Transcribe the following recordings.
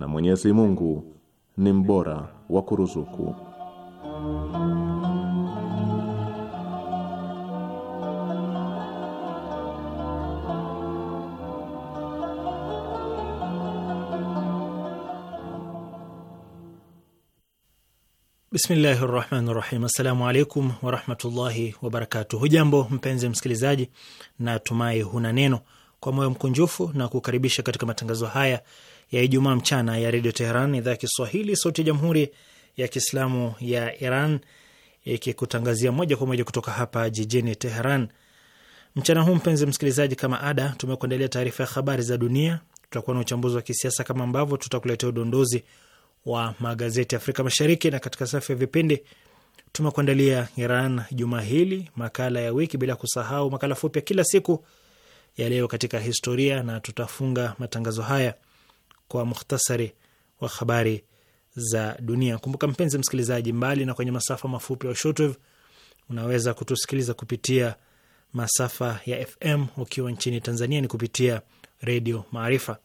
na Mwenyezi Mungu ni mbora wa kuruzuku. Bismillahi rahmani rahim. Assalamu alaikum warahmatullahi wabarakatu Hujambo mpenzi msikilizaji, na tumai huna neno. Kwa moyo mkunjufu na kukaribisha katika matangazo haya ya Ijumaa mchana ya Redio Teheran, idhaa ya Kiswahili, sauti ya Jamhuri ya Kiislamu ya Iran, ikikutangazia moja kwa moja kutoka hapa jijini Teheran. Mchana huu mpenzi msikilizaji, kama ada, tumekuandalia taarifa ya habari za dunia, tutakuwa na uchambuzi wa kisiasa kama ambavyo tutakuletea udondozi wa magazeti Afrika Mashariki, na katika safu ya vipindi tumekuandalia Iran juma hili, makala ya wiki, bila kusahau makala fupi ya kila siku ya leo katika historia, na tutafunga matangazo haya kwa muhtasari wa habari za dunia. Kumbuka mpenzi msikilizaji, mbali na kwenye masafa mafupi au shortwave, unaweza kutusikiliza kupitia masafa ya FM ukiwa nchini Tanzania ni kupitia Redio Maarifa.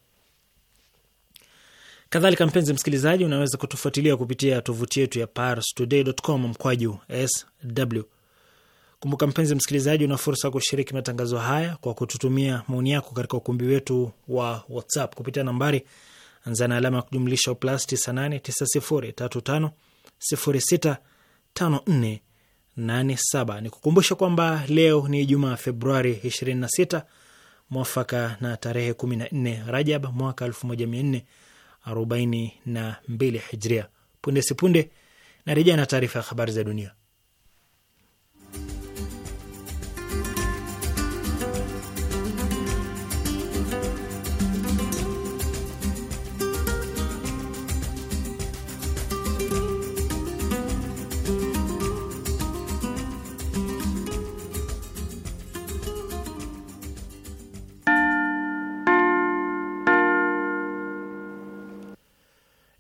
Kadhalika mpenzi msikilizaji, unaweza kutufuatilia kupitia tovuti yetu ya parstoday.com mkwaju sw. Kumbuka mpenzi msikilizaji, una fursa ya kushiriki matangazo haya kwa kututumia maoni yako katika ukumbi wetu wa WhatsApp kupitia nambari anza na alama ya kujumlisha plus 989035065487. Ni kukumbusha kwamba leo ni Jumaa, Februari 26 mwafaka na tarehe 14 Rajab mwaka 1442 Hijria. Punde sipunde narejea na taarifa ya habari za dunia.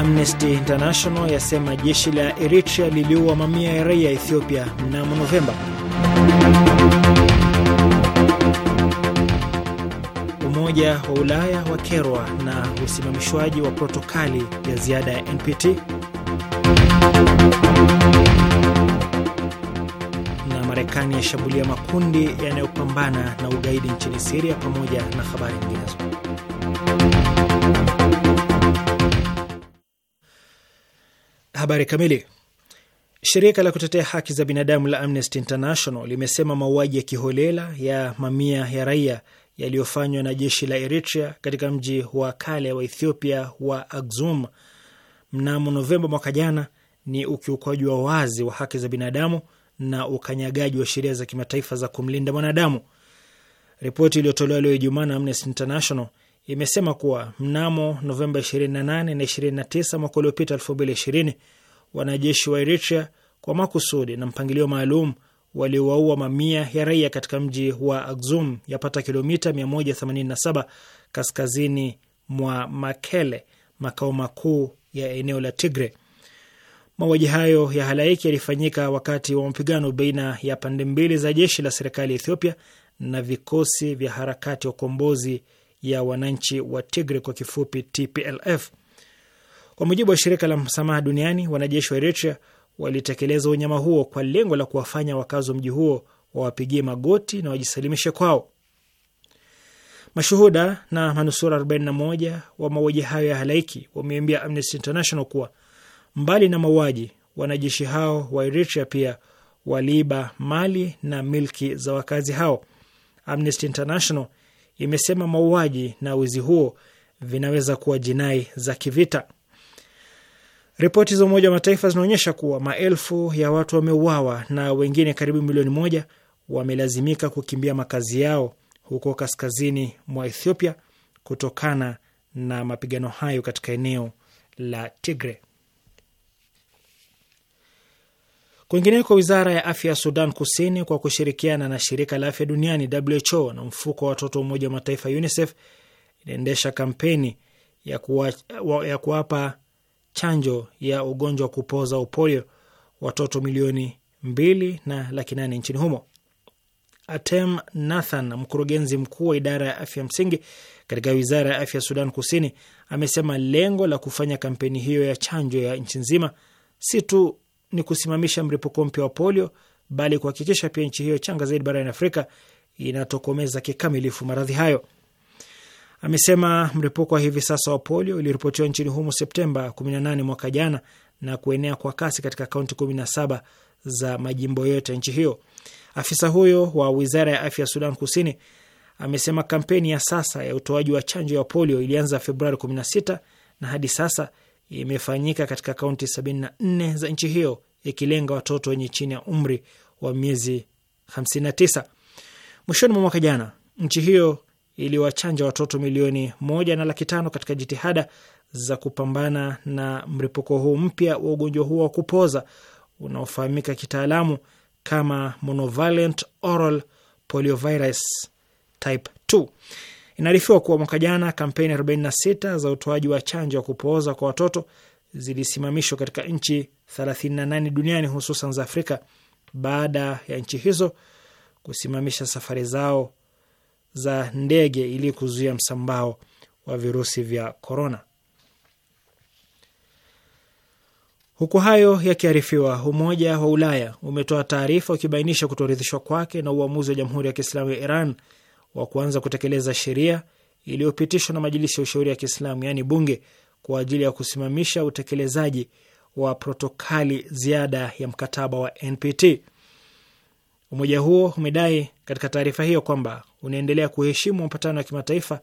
Amnesty International yasema jeshi la Eritrea liliua mamia ya raia Ethiopia mnamo Novemba. Umoja wa Ulaya wakerwa na usimamishwaji wa protokali ya ziada ya NPT. Na Marekani yashambulia makundi yanayopambana na ugaidi nchini Siria, pamoja na habari nyinginezo. Habari kamili. Shirika la kutetea haki za binadamu la Amnesty International limesema mauaji ya kiholela ya mamia ya raia yaliyofanywa na jeshi la Eritrea katika mji wa kale wa Ethiopia wa Axum mnamo Novemba mwaka jana ni ukiukwaji wa wazi wa haki za binadamu na ukanyagaji wa sheria za kimataifa za kumlinda mwanadamu. Ripoti iliyotolewa leo Ijumaa na Amnesty International imesema kuwa mnamo Novemba 28 na 29 mwaka uliopita 2020, wanajeshi wa Eritrea kwa makusudi na mpangilio maalum waliowaua mamia ya raia katika mji wa Axum yapata kilomita 187 kaskazini mwa Makele, makao makuu ya eneo la Tigre. Mauaji hayo ya halaiki yalifanyika wakati wa mapigano baina ya pande mbili za jeshi la serikali ya Ethiopia na vikosi vya harakati ya ukombozi ya wananchi wa Tigre, kwa kifupi TPLF. Kwa mujibu wa shirika la msamaha duniani, wanajeshi wa Eritrea walitekeleza unyama huo kwa lengo la kuwafanya wakazi wa mji huo wawapigie magoti na wajisalimishe kwao. Mashuhuda na manusura 41 wa mauaji hayo ya halaiki wameambia Amnesty International kuwa mbali na mauaji, wanajeshi hao wa Eritrea pia waliiba mali na milki za wakazi hao. Amnesty International imesema mauaji na wizi huo vinaweza kuwa jinai za kivita. Ripoti za Umoja wa Mataifa zinaonyesha kuwa maelfu ya watu wameuawa na wengine karibu milioni moja wamelazimika kukimbia makazi yao huko kaskazini mwa Ethiopia kutokana na mapigano hayo katika eneo la Tigre. Kwingineko, wizara ya afya ya Sudan Kusini kwa kushirikiana na shirika la afya duniani WHO na mfuko wa watoto wa Umoja wa Mataifa UNICEF inaendesha kampeni ya kuwapa ya kuwapa chanjo ya ugonjwa wa kupoza upolio watoto milioni mbili na laki nane nchini humo. Atem Nathan, mkurugenzi mkuu wa idara ya afya msingi katika wizara ya afya ya Sudan Kusini, amesema lengo la kufanya kampeni hiyo ya chanjo ya nchi nzima si tu ni kusimamisha mripuko mpya wa polio, bali kuhakikisha pia nchi hiyo changa zaidi barani Afrika inatokomeza kikamilifu maradhi hayo. Amesema mripuko wa hivi sasa wa polio uliripotiwa nchini humo Septemba 18 mwaka jana na kuenea kwa kasi katika kaunti 17 za majimbo yote ya nchi hiyo. Afisa huyo wa wizara ya afya ya Sudan Kusini amesema kampeni ya sasa ya utoaji wa chanjo ya polio ilianza Februari 16 na hadi sasa imefanyika katika kaunti 74 za nchi hiyo ikilenga watoto wenye chini ya umri wa miezi 59. Mwishoni mwa mwaka jana, nchi hiyo iliwachanja watoto milioni moja na laki tano katika jitihada za kupambana na mripuko huu mpya wa ugonjwa huo wa kupoza unaofahamika kitaalamu kama monovalent oral poliovirus type 2. Inaarifiwa kuwa mwaka jana kampeni 46 za utoaji wa chanjo ya kupooza kwa watoto zilisimamishwa katika nchi 38 duniani hususan za Afrika baada ya nchi hizo kusimamisha safari zao za ndege ili kuzuia msambao wa virusi vya korona. Huku hayo yakiarifiwa, Umoja wa Ulaya umetoa taarifa ukibainisha kutoridhishwa kwake na uamuzi wa Jamhuri ya Kiislamu ya Iran wa kuanza kutekeleza sheria iliyopitishwa na Majilisi ya Ushauri ya Kiislamu, yaani bunge, kwa ajili ya kusimamisha utekelezaji wa protokali ziada ya mkataba wa NPT. Umoja huo umedai katika taarifa hiyo kwamba unaendelea kuheshimu mapatano ya kimataifa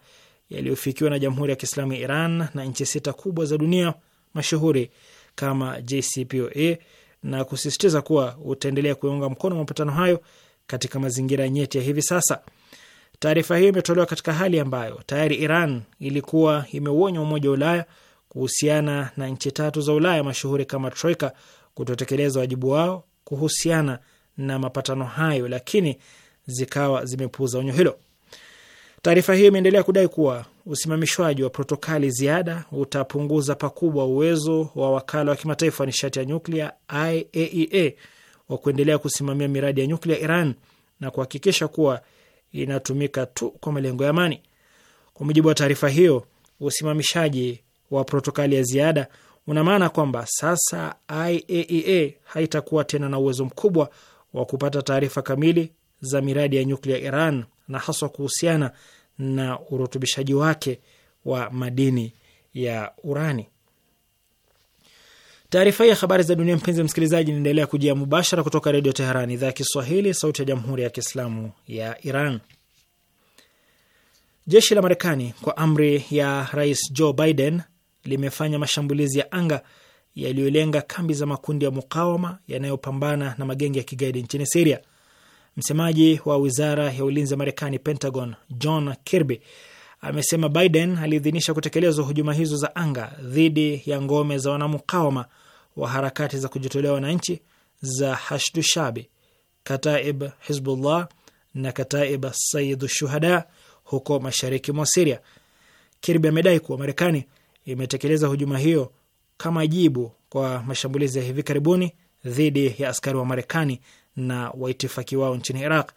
yaliyofikiwa na Jamhuri ya Kiislamu ya Iran na nchi sita kubwa za dunia mashuhuri kama JCPOA na kusisitiza kuwa utaendelea kuyaunga mkono mapatano hayo katika mazingira nyeti ya hivi sasa. Taarifa hiyo imetolewa katika hali ambayo tayari Iran ilikuwa imeuonya Umoja wa Ulaya kuhusiana na nchi tatu za Ulaya mashuhuri kama Troika kutotekeleza wajibu wao kuhusiana na mapatano hayo, lakini zikawa zimepuuza onyo hilo. Taarifa hiyo imeendelea kudai kuwa usimamishwaji wa protokali ziada utapunguza pakubwa uwezo wa wakala wa kimataifa wa nishati ya nyuklia IAEA e wa kuendelea kusimamia miradi ya nyuklia Iran na kuhakikisha kuwa inatumika tu kwa malengo ya amani. Kwa mujibu wa taarifa hiyo, usimamishaji wa protokali ya ziada una maana kwamba sasa IAEA e haitakuwa tena na uwezo mkubwa wa kupata taarifa kamili za miradi ya nyuklia Iran na haswa kuhusiana na urutubishaji wake wa madini ya urani. Taarifa hii ya habari za dunia, mpenzi msikilizaji, inaendelea kujia mubashara kutoka Redio Teheran, idhaa ya Kiswahili, sauti ya jamhuri ya kiislamu ya Iran. Jeshi la Marekani kwa amri ya Rais Joe Biden limefanya mashambulizi ya anga yaliyolenga kambi za makundi ya mukawama yanayopambana na magenge ya kigaidi nchini Siria. Msemaji wa wizara ya ulinzi ya Marekani, Pentagon, John Kirby amesema Biden aliidhinisha kutekelezwa hujuma hizo za anga dhidi ya ngome za wanamukawama wa harakati za kujitolea wananchi za Hashdu Shabi, Kataib Hizbullah na Kataib Sayidu Shuhada huko mashariki mwa Siria. Kirby amedai kuwa Marekani imetekeleza hujuma hiyo kama jibu kwa mashambulizi ya hivi karibuni dhidi ya askari wa Marekani na waitifaki wao nchini Iraq.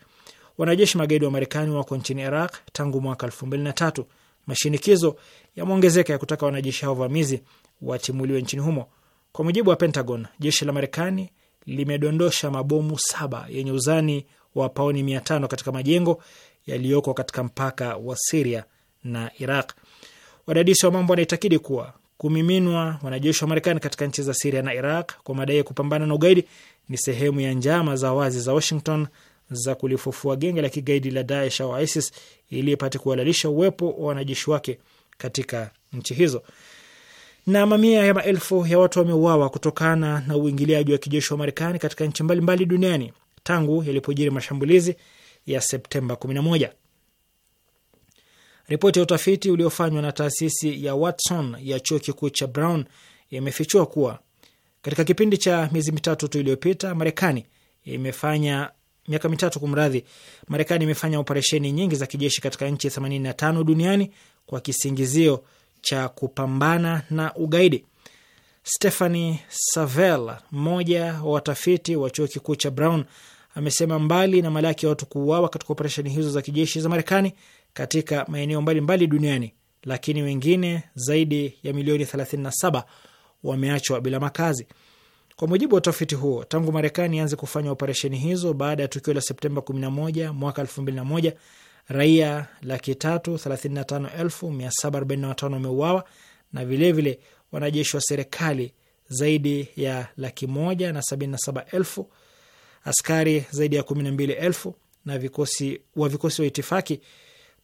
Wanajeshi magaidi wa Marekani wako nchini Iraq tangu mwaka elfu mbili na tatu. Mashinikizo yameongezeka ya kutaka wanajeshi hao vamizi watimuliwe nchini humo. Kwa mujibu wa Pentagon, jeshi la Marekani limedondosha mabomu saba yenye uzani wa paoni mia tano katika majengo yaliyoko katika mpaka wa Siria na Iraq. Wadadisi wa mambo wanaitakidi kuwa kumiminwa wanajeshi wa Marekani katika nchi za Siria na Iraq kwa madai ya kupambana na ugaidi ni sehemu ya njama za wazi za Washington za kulifufua genge la kigaidi la Daesh au ISIS ili ipate kuhalalisha uwepo wa wanajeshi wake katika nchi hizo. Na mamia ya maelfu ya watu wameuawa kutokana na uingiliaji wa kijeshi wa Marekani katika nchi mbalimbali duniani tangu yalipojiri mashambulizi ya Septemba 11. Ripoti ya utafiti uliofanywa na taasisi ya Watson ya chuo kikuu cha Brown imefichua kuwa katika kipindi cha miezi mitatu tu iliyopita, Marekani imefanya miaka mitatu kumradhi, Marekani imefanya operesheni nyingi za kijeshi katika nchi 85 duniani kwa kisingizio cha kupambana na ugaidi. Stephanie savel mmoja wa watafiti wa chuo kikuu cha Brown, amesema mbali na malaki ya watu kuuawa katika operesheni hizo za kijeshi za Marekani katika maeneo mbalimbali duniani, lakini wengine zaidi ya milioni 37 wameachwa bila makazi. Kwa mujibu wa utafiti huo, tangu Marekani ianze kufanya operesheni hizo baada ya tukio la Septemba 11 mwaka raia laki tatu thelathini na tano elfu mia saba arobaini na watano wameuawa na vilevile wanajeshi wa serikali zaidi ya laki moja na sabini na saba elfu askari zaidi ya kumi na mbili elfu na vikosi wa vikosi wa itifaki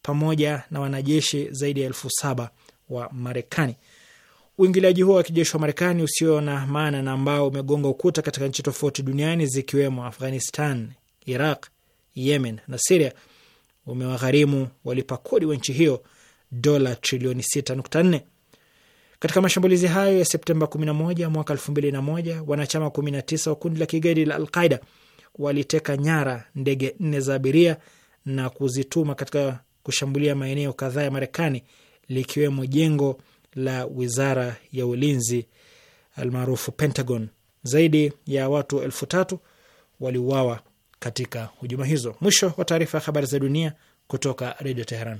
pamoja na wanajeshi zaidi ya elfu saba wa Marekani. Uingiliaji huo wa kijeshi wa Marekani usio na maana na ambao umegonga ukuta katika nchi tofauti duniani zikiwemo Afghanistan, Iraq, Yemen na Siria umewagharimu walipa kodi wa nchi hiyo dola trilioni 6.4. Katika mashambulizi hayo ya Septemba 11 mwaka 2001, wanachama 19 wa kundi la kigaidi la Alqaida waliteka nyara ndege nne za abiria na kuzituma katika kushambulia maeneo kadhaa ya Marekani likiwemo jengo la wizara ya ulinzi almaarufu Pentagon. Zaidi ya watu elfu tatu waliuawa katika hujuma hizo. Mwisho wa taarifa ya habari za dunia kutoka Redio Teheran.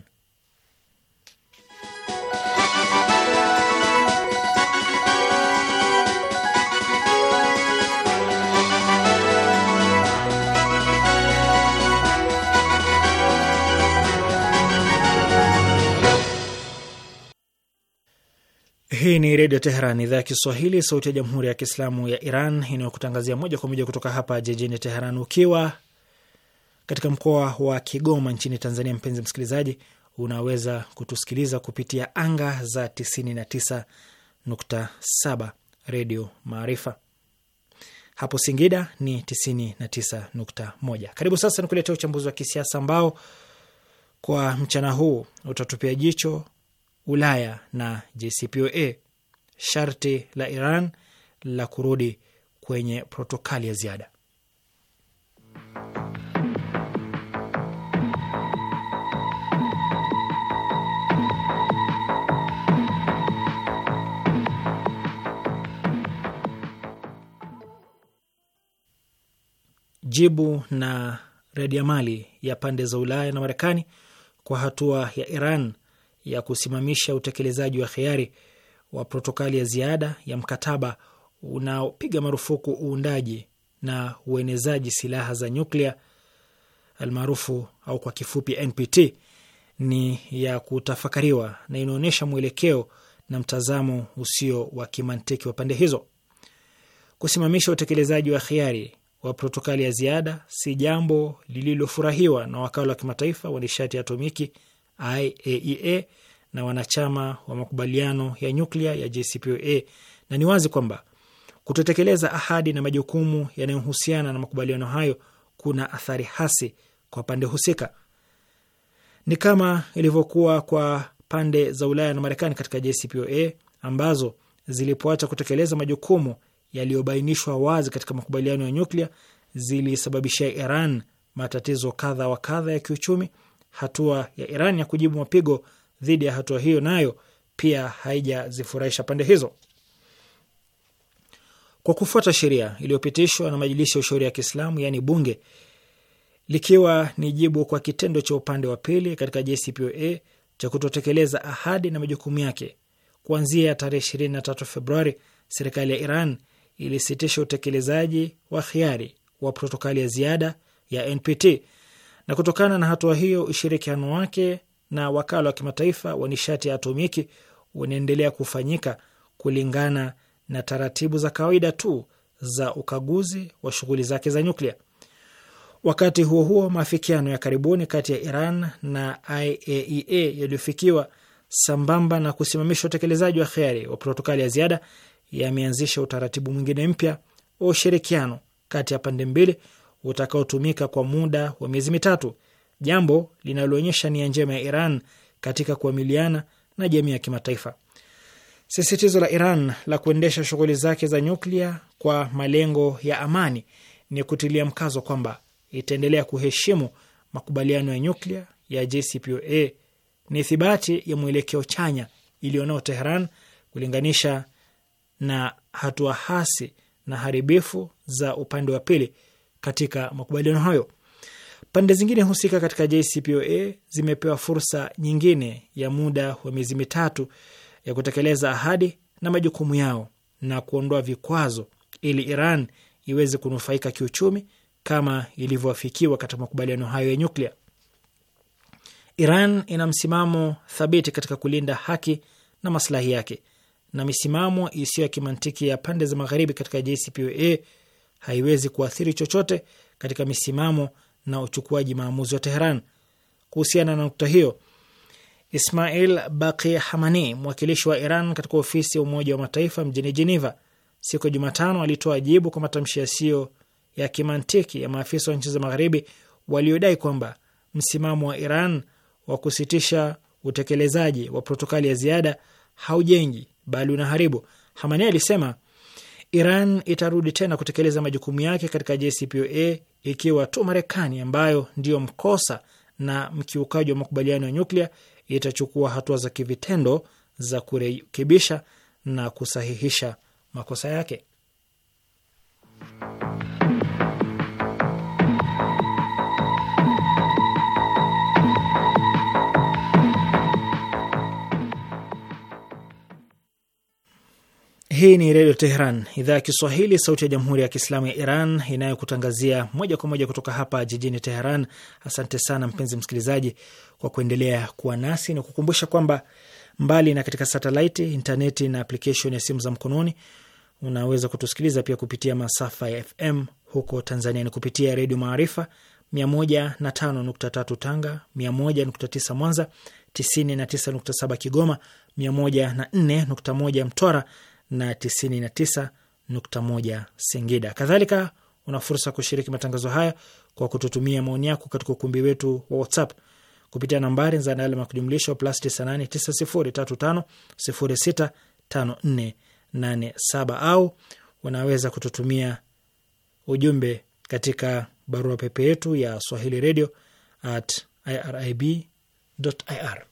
Hii ni Redio Teheran, idhaa ya Kiswahili, sauti ya Jamhuri ya Kiislamu ya Iran inayokutangazia moja kwa moja kutoka hapa jijini Teheran. Ukiwa katika mkoa wa Kigoma nchini Tanzania, mpenzi msikilizaji, unaweza kutusikiliza kupitia anga za 99.7 Redio Maarifa. Hapo Singida ni 99.1. Karibu sasa nikuletea uchambuzi wa kisiasa ambao kwa mchana huu utatupia jicho Ulaya na JCPOA. Sharti la Iran la kurudi kwenye protokali ya ziada. Jibu na mali ya pande za Ulaya na Marekani kwa hatua ya Iran ya kusimamisha utekelezaji wa hiari wa protokali ya ziada ya mkataba unaopiga marufuku uundaji na uenezaji silaha za nyuklia almaarufu au kwa kifupi NPT ni ya kutafakariwa na inaonyesha mwelekeo na mtazamo usio wa kimantiki wa pande hizo. Kusimamisha utekelezaji wa hiari wa protokali ya ziada si jambo lililofurahiwa na wakala wa kimataifa wa nishati ya atomiki IAEA e na wanachama wa makubaliano ya nyuklia ya JCPOA, na ni wazi kwamba kutotekeleza ahadi na majukumu yanayohusiana na makubaliano hayo kuna athari hasi kwa pande husika. Ni kama ilivyokuwa kwa pande za Ulaya na Marekani katika JCPOA ambazo zilipoacha kutekeleza majukumu yaliyobainishwa wazi katika makubaliano ya nyuklia zilisababishia Iran matatizo kadha wa kadha ya kiuchumi hatua ya Iran ya kujibu mapigo dhidi ya hatua hiyo nayo pia haijazifurahisha pande hizo. Kwa kufuata sheria iliyopitishwa na Majilisi ya Ushauri ya Kiislamu, yaani bunge, likiwa ni jibu kwa kitendo cha upande wa pili katika JCPOA cha kutotekeleza ahadi na majukumu yake, kuanzia tarehe 23 Februari, serikali ya Iran ilisitisha utekelezaji wa khiari wa protokali ya ziada ya NPT na kutokana na hatua hiyo ushirikiano wake na wakala wa kimataifa wa nishati ya atomiki unaendelea kufanyika kulingana na taratibu za kawaida tu za ukaguzi wa shughuli zake za nyuklia. Wakati huo huo, maafikiano ya karibuni kati ya Iran na IAEA e yaliyofikiwa sambamba na kusimamisha utekelezaji wa khiari wa protokali ya ziada yameanzisha utaratibu mwingine mpya wa ushirikiano kati ya pande mbili utakaotumika kwa muda wa miezi mitatu, jambo linaloonyesha nia njema ya Iran katika kuamiliana na jamii ya kimataifa. Sisitizo la Iran la kuendesha shughuli zake za nyuklia kwa malengo ya amani ni kutilia mkazo kwamba itaendelea kuheshimu makubaliano ya nyuklia ya JCPOA. Ni thibati ya mwelekeo chanya iliyonao Teheran kulinganisha na hatua hasi na haribifu za upande wa pili katika makubaliano hayo. Pande zingine husika katika JCPOA zimepewa fursa nyingine ya muda wa miezi mitatu ya kutekeleza ahadi na majukumu yao na kuondoa vikwazo ili Iran iweze kunufaika kiuchumi kama ilivyoafikiwa katika makubaliano hayo ya nyuklia. Iran ina msimamo thabiti katika kulinda haki na maslahi yake, na misimamo isiyo ya kimantiki ya pande za magharibi katika JCPOA haiwezi kuathiri chochote katika misimamo na uchukuaji maamuzi wa Teheran. Kuhusiana na nukta hiyo, Ismail Baki Hamani, mwakilishi wa Iran katika ofisi ya Umoja wa Mataifa mjini Jeneva, siku ya Jumatano alitoa jibu kwa matamshi yasiyo ya kimantiki ya maafisa wa nchi za Magharibi waliodai kwamba msimamo wa Iran wa kusitisha utekelezaji wa protokali ya ziada haujengi bali unaharibu. Hamani alisema Iran itarudi tena kutekeleza majukumu yake katika JCPOA ikiwa tu Marekani ambayo ndiyo mkosa na mkiukaji wa makubaliano ya nyuklia itachukua hatua za kivitendo za kurekebisha na kusahihisha makosa yake. Hii ni Redio Teheran, idhaa ya Kiswahili, sauti ya Jamhuri ya Kiislamu ya Iran, inayokutangazia moja kwa moja kutoka hapa jijini Teheran. Asante sana mpenzi msikilizaji kwa kuendelea kuwa nasi na kukumbusha kwamba mbali na katika satelaiti, intaneti na aplikeshon ya simu za mkononi, unaweza kutusikiliza pia kupitia masafa ya FM. Huko Tanzania ni kupitia Redio Maarifa 105.3 Tanga, 101.9 Mwanza, 99.7 Kigoma, 104.1 Mtwara na 99.1 Singida. Kadhalika una fursa kushiriki matangazo haya kwa kututumia maoni yako katika ukumbi wetu wa WhatsApp kupitia nambari za alama ya kujumlisha plus 989035065487 au unaweza kututumia ujumbe katika barua pepe yetu ya swahili radio at irib.ir.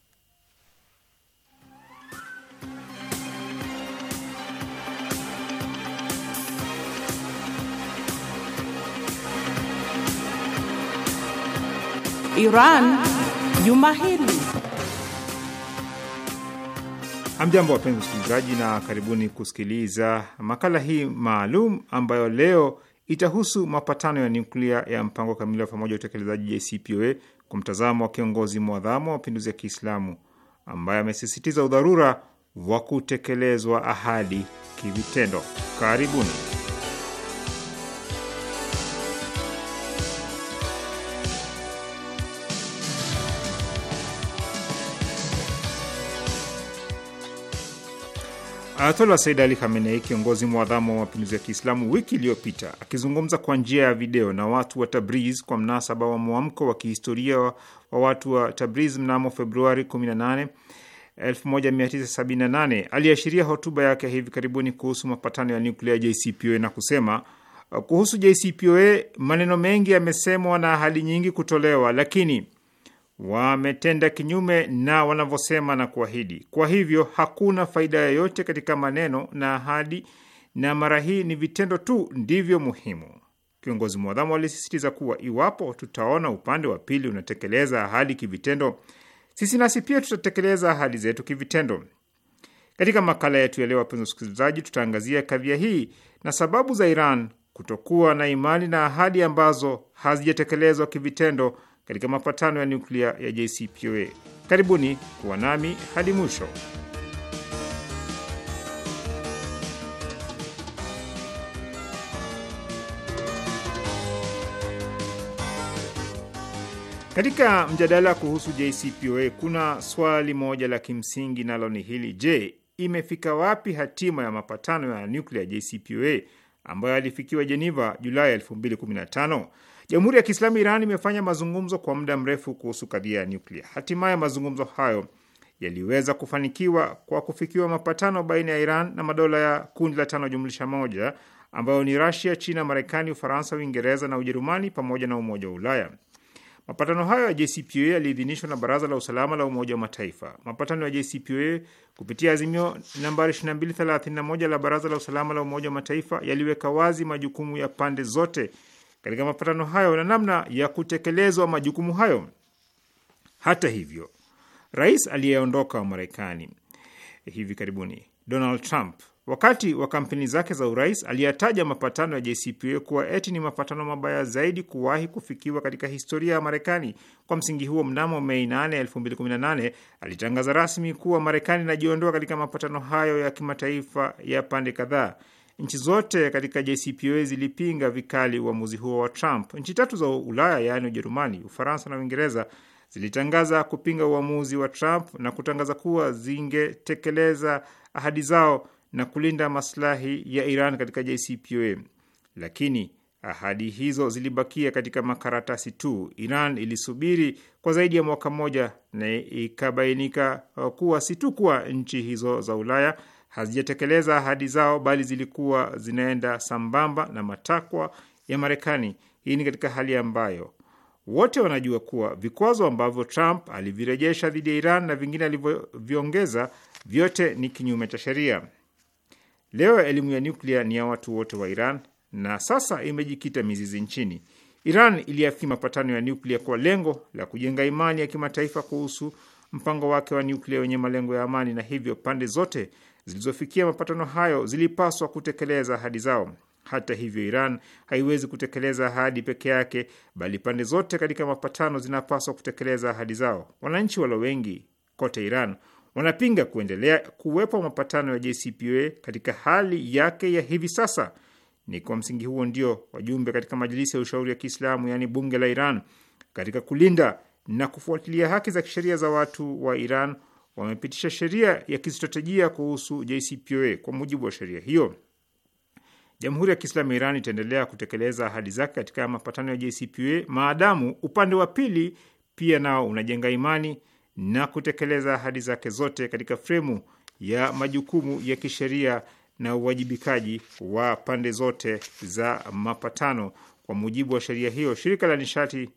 Iran juma hili. Hamjambo wapenzi msikilizaji, na karibuni kusikiliza makala hii maalum ambayo leo itahusu mapatano ya nyuklia ya mpango kamili wa pamoja wa utekelezaji JCPOA kwa mtazamo wa kiongozi mwadhamu wa mapinduzi ya Kiislamu ambaye amesisitiza udharura wa kutekelezwa ahadi kivitendo. Karibuni. Ayatollah Said Ali Khamenei, kiongozi mwadhamu wa mapinduzi ya Kiislamu, wiki iliyopita akizungumza kwa njia ya video na watu wa Tabriz kwa mnasaba wa mwamko wa kihistoria wa watu wa Tabriz mnamo Februari 18 1978 aliashiria hotuba yake hivi karibuni kuhusu mapatano ya nuklia JCPOA na kusema kuhusu JCPOA, maneno mengi yamesemwa na ahadi nyingi kutolewa, lakini wametenda kinyume na wanavyosema na kuahidi. Kwa hivyo hakuna faida yoyote katika maneno na ahadi, na mara hii ni vitendo tu ndivyo muhimu. Kiongozi mwadhamu alisisitiza kuwa iwapo tutaona upande wa pili unatekeleza ahadi kivitendo, sisi nasi pia tutatekeleza ahadi zetu kivitendo. Katika makala yetu ya leo, wapenzi wasikilizaji, tutaangazia kadhia hii na sababu za Iran kutokuwa na imani na ahadi ambazo hazijatekelezwa kivitendo katika mapatano ya nyuklia ya JCPOA. Karibuni kuwa nami hadi mwisho. Katika mjadala kuhusu JCPOA kuna swali moja la kimsingi, nalo ni hili: je, imefika wapi hatima ya mapatano ya nyuklia JCPOA ambayo yalifikiwa Jeneva Julai 2015? Jamhuri ya Kiislamu Iran imefanya mazungumzo kwa muda mrefu kuhusu kadhia ya nyuklia. Hatimaye mazungumzo hayo yaliweza kufanikiwa kwa kufikiwa mapatano baina ya Iran na madola ya kundi la tano jumlisha moja ambayo ni Rasia, China, Marekani, Ufaransa, Uingereza na Ujerumani pamoja na Umoja wa Ulaya. Mapatano hayo ya JCPOA yaliidhinishwa na Baraza la Usalama la Umoja wa Mataifa. Mapatano ya JCPOA kupitia azimio nambari 2231 la Baraza la Usalama la Umoja wa Mataifa yaliweka wazi majukumu ya pande zote katika mapatano hayo na namna ya kutekelezwa majukumu hayo. Hata hivyo, rais aliyeondoka wa Marekani hivi karibuni Donald Trump, wakati wa kampeni zake za urais, aliyataja mapatano ya JCPOA kuwa eti ni mapatano mabaya zaidi kuwahi kufikiwa katika historia ya Marekani. Kwa msingi huo, mnamo Mei 8, 2018 alitangaza rasmi kuwa Marekani inajiondoa katika mapatano hayo ya kimataifa ya pande kadhaa. Nchi zote katika JCPOA zilipinga vikali uamuzi huo wa Trump. Nchi tatu za Ulaya yaani Ujerumani, Ufaransa na Uingereza zilitangaza kupinga uamuzi wa Trump na kutangaza kuwa zingetekeleza ahadi zao na kulinda maslahi ya Iran katika JCPOA, lakini ahadi hizo zilibakia katika makaratasi tu. Iran ilisubiri kwa zaidi ya mwaka mmoja na ikabainika kuwa si tu kuwa nchi hizo za Ulaya hazijatekeleza ahadi zao, bali zilikuwa zinaenda sambamba na matakwa ya Marekani. Hii ni katika hali ambayo wote wanajua kuwa vikwazo ambavyo Trump alivirejesha dhidi ya Iran na vingine alivyoviongeza vyote ni kinyume cha sheria. Leo elimu ya nyuklia ni ya watu wote wa Iran na sasa imejikita mizizi nchini Iran. Iliafiki mapatano ya nyuklia kwa lengo la kujenga imani ya kimataifa kuhusu mpango wake wa nyuklia wenye malengo ya amani, na hivyo pande zote zilizofikia mapatano hayo zilipaswa kutekeleza ahadi zao. Hata hivyo, Iran haiwezi kutekeleza ahadi peke yake, bali pande zote katika mapatano zinapaswa kutekeleza ahadi zao. Wananchi walio wengi kote Iran wanapinga kuendelea kuwepo mapatano ya JCPOA katika hali yake ya hivi sasa. Ni kwa msingi huo ndio wajumbe katika Majilisi ya Ushauri ya Kiislamu, yaani bunge la Iran, katika kulinda na kufuatilia haki za kisheria za watu wa Iran wamepitisha sheria ya kistratejia kuhusu JCPOA. Kwa mujibu wa sheria hiyo, Jamhuri ya Kiislamu ya Iran itaendelea kutekeleza ahadi zake katika mapatano ya JCPOA maadamu upande wa pili pia nao unajenga imani na kutekeleza ahadi zake zote katika fremu ya majukumu ya kisheria na uwajibikaji wa pande zote za mapatano. Kwa mujibu wa sheria hiyo, shirika la nishati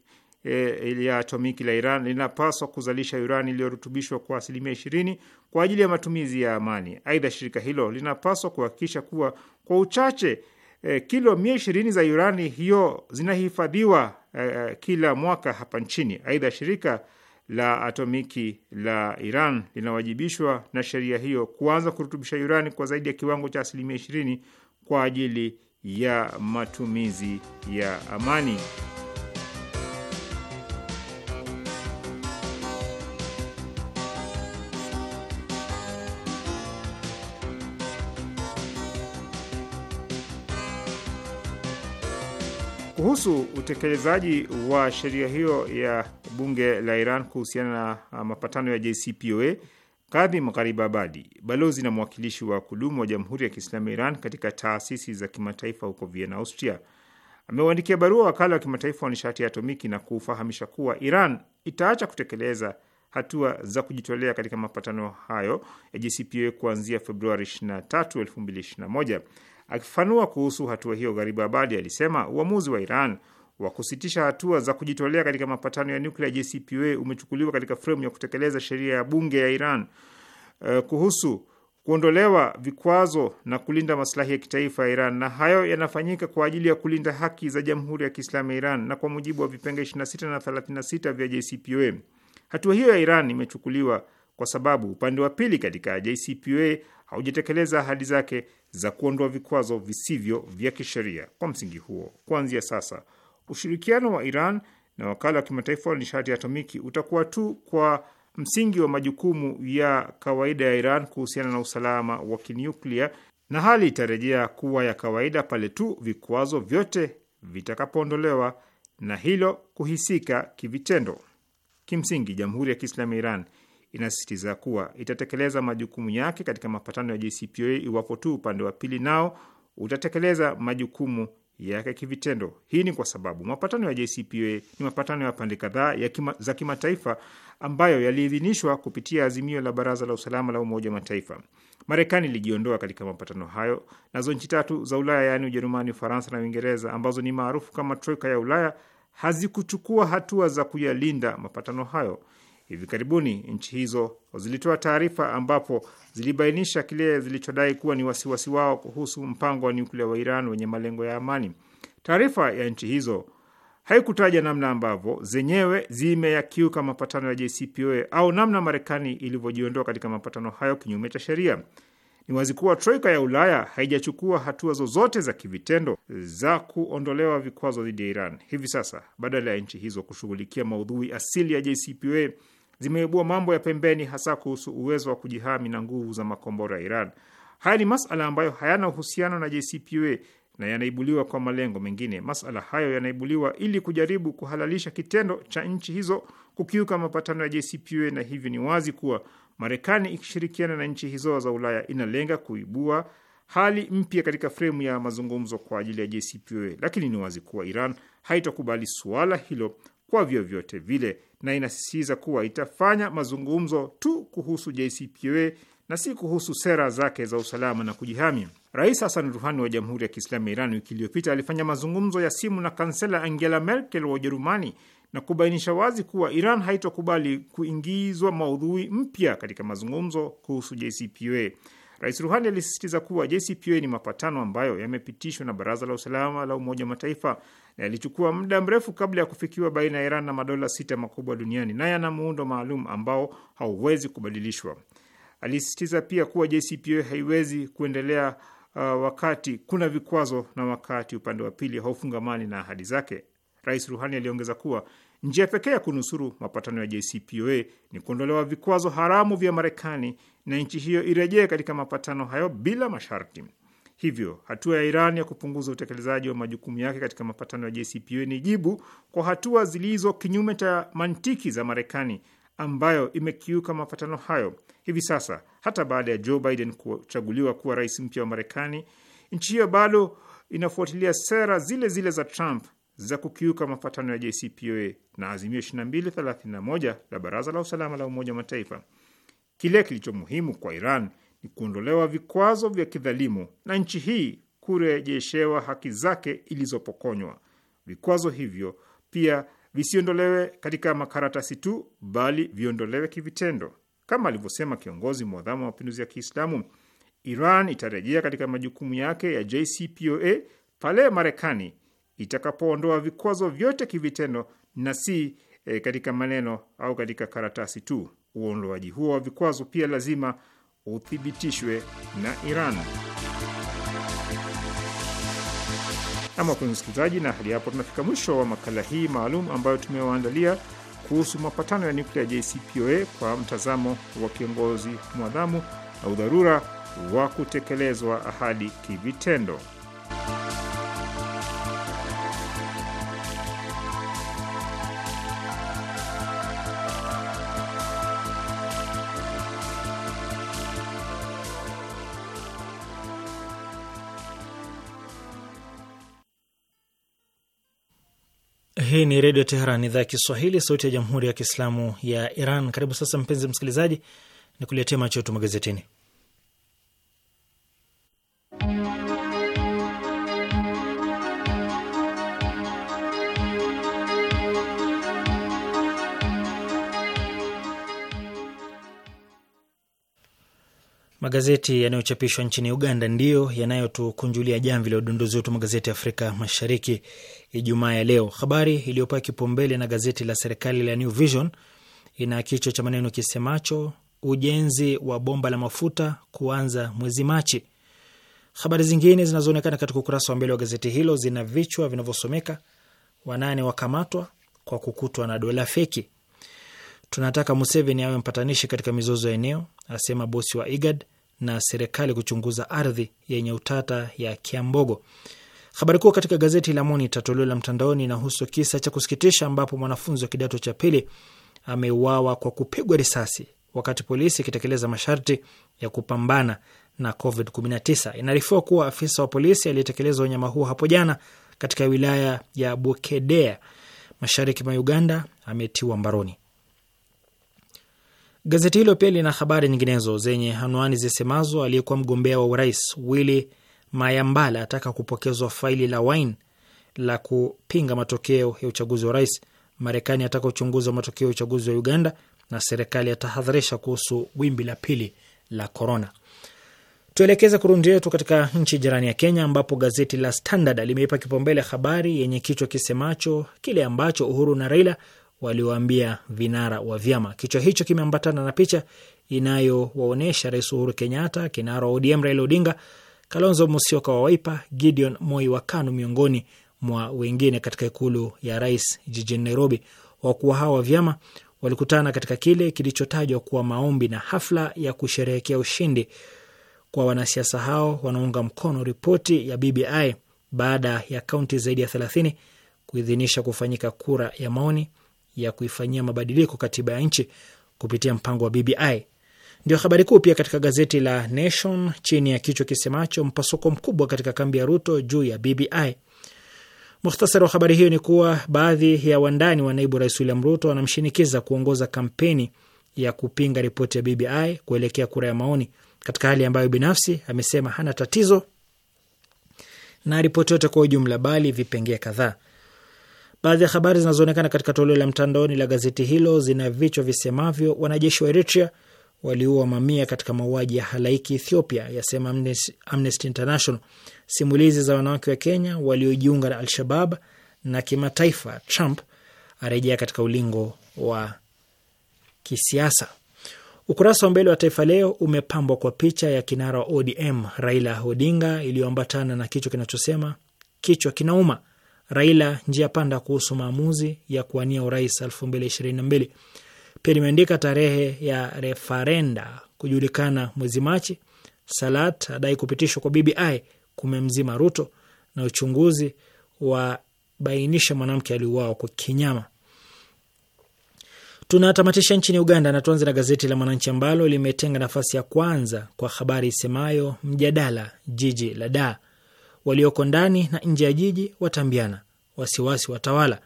e, ya atomiki la Iran linapaswa kuzalisha urani iliyorutubishwa kwa asilimia ishirini kwa ajili ya matumizi ya amani. Aidha, shirika hilo linapaswa kuhakikisha kuwa kwa uchache e, kilo mia ishirini za urani hiyo zinahifadhiwa e, e kila mwaka hapa nchini. Aidha, shirika la atomiki la Iran linawajibishwa na sheria hiyo kuanza kurutubisha urani kwa zaidi ya kiwango cha asilimia ishirini kwa ajili ya matumizi ya amani. kuhusu utekelezaji wa sheria hiyo ya bunge la Iran kuhusiana na uh, mapatano ya JCPOA, Kadhi Magharibi Abadi, balozi na mwakilishi wa kudumu wa Jamhuri ya Kiislamu ya Iran katika taasisi za kimataifa huko Vienna, Austria, ameuandikia barua wakala wa kimataifa wa nishati ya atomiki na kufahamisha kuwa Iran itaacha kutekeleza hatua za kujitolea katika mapatano hayo ya JCPOA kuanzia Februari 23, 2021. Akifafanua kuhusu hatua hiyo, Gharibu Abadi alisema uamuzi wa Iran wa kusitisha hatua za kujitolea katika mapatano ya nuklia JCPOA umechukuliwa katika fremu ya kutekeleza sheria ya bunge ya Iran uh, kuhusu kuondolewa vikwazo na kulinda maslahi ya kitaifa ya Iran, na hayo yanafanyika kwa ajili ya kulinda haki za Jamhuri ya Kiislamu ya Iran na kwa mujibu wa vipenge 26 na 36 vya JCPOA. Hatua hiyo ya Iran imechukuliwa kwa sababu upande wa pili katika JCPOA haujatekeleza ahadi zake za kuondoa vikwazo visivyo vya kisheria. Kwa msingi huo, kuanzia sasa ushirikiano wa Iran na wakala wa kimataifa wa nishati ya atomiki utakuwa tu kwa msingi wa majukumu ya kawaida ya Iran kuhusiana na usalama wa kinyuklia, na hali itarejea kuwa ya kawaida pale tu vikwazo vyote vitakapoondolewa na hilo kuhisika kivitendo. Kimsingi, Jamhuri ya Kiislamu ya Iran inasisitiza kuwa itatekeleza majukumu yake katika mapatano ya JCPOA iwapo tu upande wa pili nao utatekeleza majukumu yake kivitendo. Hii ni kwa sababu mapatano ya JCPOA ni mapatano ya pande kadhaa kima, za kimataifa ambayo yaliidhinishwa kupitia azimio la Baraza la Usalama la Umoja wa Mataifa. Marekani ilijiondoa katika mapatano hayo, nazo nchi tatu za Ulaya yaani Ujerumani, Ufaransa na Uingereza ambazo ni maarufu kama troika ya Ulaya hazikuchukua hatua za kuyalinda mapatano hayo. Hivi karibuni nchi hizo zilitoa taarifa ambapo zilibainisha kile zilichodai kuwa ni wasiwasi wao kuhusu mpango wa nyuklia wa Iran wenye malengo ya amani. Taarifa ya nchi hizo haikutaja namna ambavyo zenyewe zimeyakiuka mapatano ya JCPOA au namna Marekani ilivyojiondoa katika mapatano hayo kinyume cha sheria. Ni wazi kuwa troika ya Ulaya haijachukua hatua zozote za kivitendo za kuondolewa vikwazo dhidi ya Iran. Hivi sasa, badala ya nchi hizo kushughulikia maudhui asili ya JCPOA, zimeibua mambo ya pembeni, hasa kuhusu uwezo wa kujihami na nguvu za makombora ya Iran. Haya ni masala ambayo hayana uhusiano na JCPOA na yanaibuliwa kwa malengo mengine. Masala hayo yanaibuliwa ili kujaribu kuhalalisha kitendo cha nchi hizo kukiuka mapatano ya JCPOA, na hivyo ni wazi kuwa Marekani ikishirikiana na nchi hizo za Ulaya inalenga kuibua hali mpya katika fremu ya mazungumzo kwa ajili ya JCPOA, lakini ni wazi kuwa Iran haitakubali suala hilo kwa vyovyote vile, na inasisitiza kuwa itafanya mazungumzo tu kuhusu JCPOA na si kuhusu sera zake za usalama na kujihami. Rais Hassan Ruhani wa Jamhuri ya Kiislamu ya Iran wiki iliyopita alifanya mazungumzo ya simu na kansela Angela Merkel wa Ujerumani na kubainisha wazi kuwa Iran haitokubali kuingizwa maudhui mpya katika mazungumzo kuhusu JCPOA. Rais Ruhani alisisitiza kuwa JCPOA ni mapatano ambayo yamepitishwa na Baraza la Usalama la Umoja wa Mataifa na yalichukua muda mrefu kabla ya kufikiwa baina ya Iran na madola sita makubwa duniani na yana muundo maalum ambao hauwezi kubadilishwa. Alisisitiza pia kuwa JCPOA haiwezi kuendelea uh, wakati kuna vikwazo na wakati upande wa pili haufungamani na ahadi zake. Rais Ruhani aliongeza kuwa njia pekee ya kunusuru mapatano ya JCPOA ni kuondolewa vikwazo haramu vya Marekani na nchi hiyo irejee katika mapatano hayo bila masharti. Hivyo hatua ya Iran ya kupunguza utekelezaji wa majukumu yake katika mapatano ya JCPOA ni jibu kwa hatua zilizo kinyume cha mantiki za Marekani ambayo imekiuka mapatano hayo. Hivi sasa hata baada ya Joe Biden kuchaguliwa kuwa rais mpya wa Marekani, nchi hiyo bado inafuatilia sera zile zile za Trump za kukiuka mapatano ya JCPOA na azimio 2231 la Baraza la Usalama la Umoja wa Mataifa. Kile kilicho muhimu kwa Iran ni kuondolewa vikwazo vya kidhalimu na nchi hii kurejeshewa haki zake ilizopokonywa. Vikwazo hivyo pia visiondolewe katika makaratasi tu, bali viondolewe kivitendo. Kama alivyosema kiongozi mwadhamu wa mapinduzi ya Kiislamu, Iran itarejea katika majukumu yake ya JCPOA pale Marekani itakapoondoa vikwazo vyote kivitendo na si e, katika maneno au katika karatasi tu. Uondoaji huo wa vikwazo pia lazima uthibitishwe na Iran. Ama wapenzi msikilizaji, na hadi hapo tunafika mwisho wa makala hii maalum ambayo tumewaandalia kuhusu mapatano ya nyuklia JCPOA kwa mtazamo wa kiongozi mwadhamu na udharura wa kutekelezwa ahadi kivitendo. Hii ni Redio Teheran, idhaa ya Kiswahili, sauti ya Jamhuri ya Kiislamu ya Iran. Karibu sasa, mpenzi msikilizaji, ni kuletea macho yetu magazetini. Magazeti yanayochapishwa nchini Uganda ndiyo yanayotukunjulia jamvi la udondozi wetu magazeti ya Afrika Mashariki Ijumaa ya leo. Habari iliyopewa kipaumbele na gazeti la serikali la New Vision ina kichwa cha maneno kisemacho ujenzi wa bomba la mafuta kuanza mwezi Machi. Habari zingine zinazoonekana katika ukurasa wa mbele wa gazeti hilo zina vichwa vinavyosomeka wanane wakamatwa kwa kukutwa na dola feki, Tunataka Museveni awe mpatanishi katika mizozo ya eneo, asema bosi wa IGAD, na serikali kuchunguza ardhi yenye utata ya Kiambogo. Habari kuu katika gazeti la Monita toleo la mtandaoni inahusu kisa cha kusikitisha ambapo mwanafunzi wa kidato cha pili ameuawa kwa kupigwa risasi wakati polisi ikitekeleza masharti ya kupambana na COVID-19. Inaarifiwa kuwa afisa wa polisi aliyetekeleza unyama huo hapo jana katika wilaya ya Bukedea mashariki mwa Uganda ametiwa mbaroni. Gazeti hilo pia lina habari nyinginezo zenye anwani zisemazo: aliyekuwa mgombea wa urais Willy Mayambala ataka kupokezwa faili la Wine la kupinga matokeo ya uchaguzi wa rais; Marekani ataka uchunguzi wa matokeo ya uchaguzi wa Uganda; na serikali yatahadharisha kuhusu wimbi la pili la korona. Tuelekeze kurundi yetu katika nchi jirani ya Kenya, ambapo gazeti la Standard limeipa kipaumbele habari yenye kichwa kisemacho kile ambacho Uhuru na Raila walioambia vinara wa vyama. Kichwa hicho kimeambatana na picha inayowaonyesha Rais Uhuru Kenyatta, kinara wa ODM Raila Odinga, Kalonzo Musyoka wa Waipa, Gideon Moi wa KANU miongoni mwa wengine katika ikulu ya rais jijini Nairobi. Wakuu hao wa vyama walikutana katika kile kilichotajwa kuwa maombi na hafla ya kusherehekea ushindi kwa wanasiasa hao wanaunga mkono ripoti ya BBI baada ya kaunti zaidi ya thelathini kuidhinisha kufanyika kura ya maoni ya kuifanyia mabadiliko katiba ya nchi kupitia mpango wa BBI. Ndio habari kuu pia katika gazeti la Nation chini ya kichwa kisemacho mpasuko mkubwa katika kambi ya Ruto juu ya BBI. Muhtasari wa habari hiyo ni kuwa baadhi ya wandani wa naibu rais William Ruto wanamshinikiza kuongoza kampeni ya kupinga ripoti ya BBI kuelekea kura ya maoni, katika hali ambayo binafsi amesema hana tatizo na ripoti yote kwa ujumla, bali vipengee kadhaa. Baadhi ya habari zinazoonekana katika toleo la mtandaoni la gazeti hilo zina vichwa visemavyo: wanajeshi wa Eritrea waliua mamia katika mauaji ya halaiki Ethiopia, yasema Amnesty, International; simulizi za wanawake wa Kenya waliojiunga na Al-Shabab; na kimataifa, Trump arejea katika ulingo wa kisiasa. Ukurasa wa mbele wa Taifa Leo umepambwa kwa picha ya kinara wa ODM Raila Odinga iliyoambatana na kichwa kinachosema kichwa kinauma, Raila njia panda kuhusu maamuzi ya kuwania urais 2022. Pia limeandika tarehe ya refarenda kujulikana mwezi Machi. Salat adai kupitishwa kwa BBI kumemzima Ruto, na uchunguzi bainisha mwanamke aliuawa kwa kinyama. Tunatamatisha nchini Uganda na tuanze na gazeti la Mwananchi ambalo limetenga nafasi ya kwanza kwa habari isemayo mjadala jiji la daa walioko ndani na nje ya jiji watambiana, wasiwasi watawala,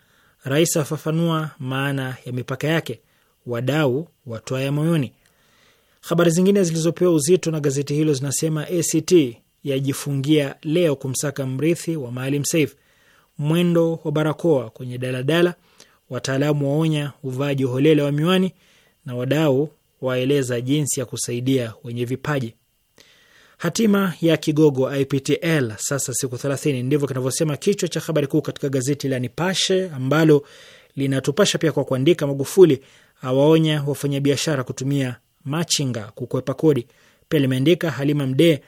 rais afafanua maana ya mipaka yake, wadau watwaya moyoni. Habari zingine zilizopewa uzito na gazeti hilo zinasema ACT yajifungia leo kumsaka mrithi wa Maalim Seif, mwendo wa barakoa kwenye daladala, wataalamu waonya uvaaji holela wa miwani, na wadau waeleza jinsi ya kusaidia wenye vipaji. Hatima ya kigogo IPTL sasa siku 30, ndivyo kinavyosema kichwa cha habari kuu katika gazeti la Nipashe ambalo linatupasha pia kwa kuandika, Magufuli awaonya wafanyabiashara kutumia machinga kukwepa kodi. Pia limeandika Halima Mdee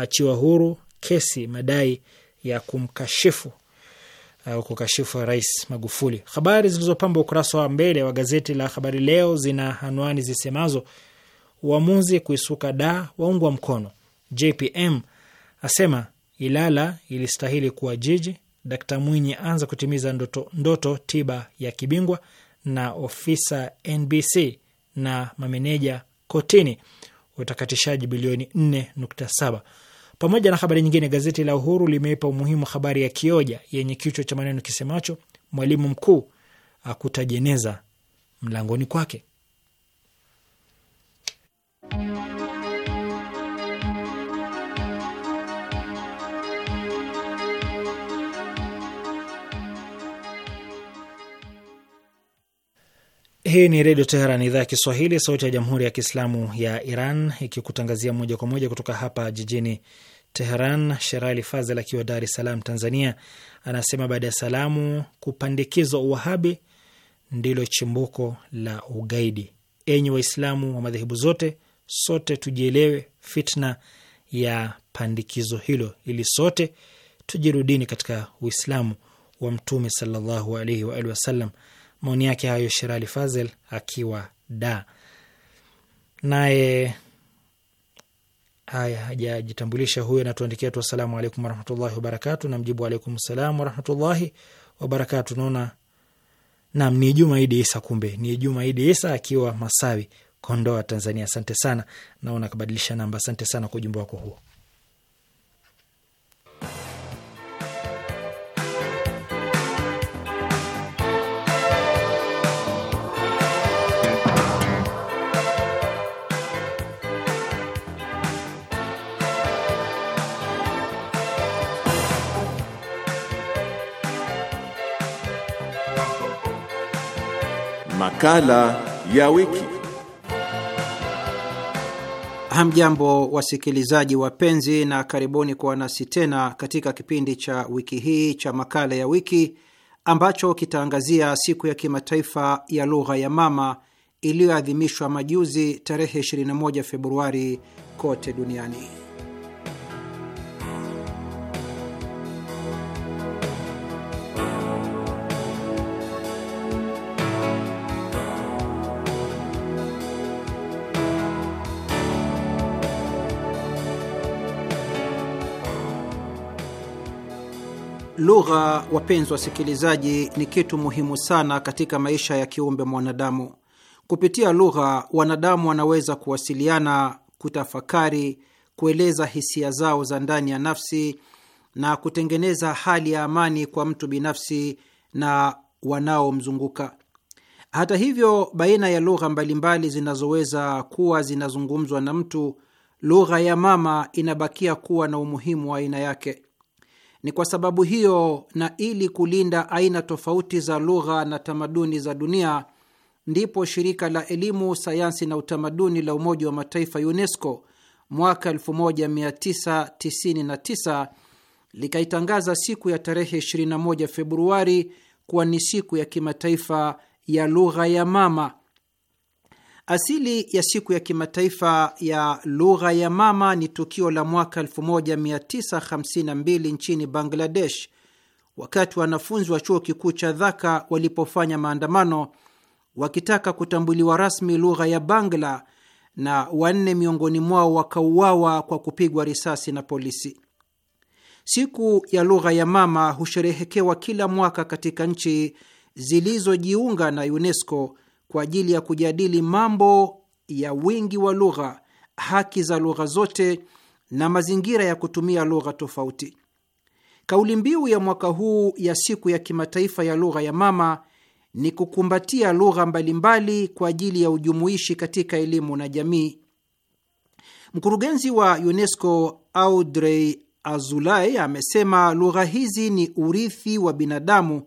achiwa huru kesi madai ya kumkashifu au uh, kukashifu Rais Magufuli. Habari zilizopamba ukurasa wa mbele wa gazeti la Habari Leo zina anwani zisemazo uamuzi kuisuka da waungwa mkono JPM asema Ilala ilistahili kuwa jiji, Dkt Mwinyi anza kutimiza ndoto, ndoto tiba ya kibingwa, na ofisa NBC na mameneja kotini, utakatishaji bilioni 4.7 pamoja na habari nyingine. Gazeti la Uhuru limeipa umuhimu habari ya kioja yenye kichwa cha maneno kisemacho mwalimu mkuu akutajeneza mlangoni kwake. Hii ni Redio Teheran, idhaa ya Kiswahili, sauti ya Jamhuri ya Kiislamu ya Iran, ikikutangazia moja kwa moja kutoka hapa jijini Teheran. Sherali Fazel akiwa Dar es Salaam, Tanzania, anasema baada ya salamu, kupandikizwa uwahabi ndilo chimbuko la ugaidi. Enyi Waislamu wa madhehebu zote, sote tujielewe fitna ya pandikizo hilo, ili sote tujirudini katika Uislamu wa Mtume sallallahu alaihi alihi wasallam. Maoni yake hayo Sherali Fazel akiwa da naye. Haya, hajajitambulisha huyo, anatuandikia tu wassalamu alaikum warahmatullahi wabarakatu, na mjibu alaikum salam warahmatullahi wabarakatu. Naona nam ni Juma Idi Isa, kumbe ni Juma Idi Isa akiwa Masawi, Kondoa, Tanzania. Asante sana, naona akabadilisha namba. Asante sana kwa ujumbe wako huo. Makala ya wiki. Hamjambo wasikilizaji wapenzi, na karibuni kwa nasi tena katika kipindi cha wiki hii cha makala ya wiki ambacho kitaangazia siku ya kimataifa ya lugha ya mama iliyoadhimishwa majuzi tarehe 21 Februari kote duniani. Lugha, wapenzi wasikilizaji, ni kitu muhimu sana katika maisha ya kiumbe mwanadamu. Kupitia lugha, wanadamu wanaweza kuwasiliana, kutafakari, kueleza hisia zao za ndani ya nafsi na kutengeneza hali ya amani kwa mtu binafsi na wanaomzunguka. Hata hivyo, baina ya lugha mbalimbali zinazoweza kuwa zinazungumzwa na mtu, lugha ya mama inabakia kuwa na umuhimu wa aina yake. Ni kwa sababu hiyo na ili kulinda aina tofauti za lugha na tamaduni za dunia, ndipo shirika la elimu, sayansi na utamaduni la Umoja wa Mataifa UNESCO mwaka 1999 likaitangaza siku ya tarehe 21 Februari kuwa ni siku ya kimataifa ya lugha ya mama Asili ya siku ya kimataifa ya lugha ya mama ni tukio la mwaka 1952 nchini Bangladesh, wakati wanafunzi wa chuo kikuu cha Dhaka walipofanya maandamano wakitaka kutambuliwa rasmi lugha ya Bangla, na wanne miongoni mwao wakauawa kwa kupigwa risasi na polisi. Siku ya lugha ya mama husherehekewa kila mwaka katika nchi zilizojiunga na UNESCO kwa ajili ya kujadili mambo ya wingi wa lugha, haki za lugha zote na mazingira ya kutumia lugha tofauti. Kauli mbiu ya mwaka huu ya siku ya kimataifa ya lugha ya mama ni kukumbatia lugha mbalimbali kwa ajili ya ujumuishi katika elimu na jamii. Mkurugenzi wa UNESCO Audrey Azulay amesema lugha hizi ni urithi wa binadamu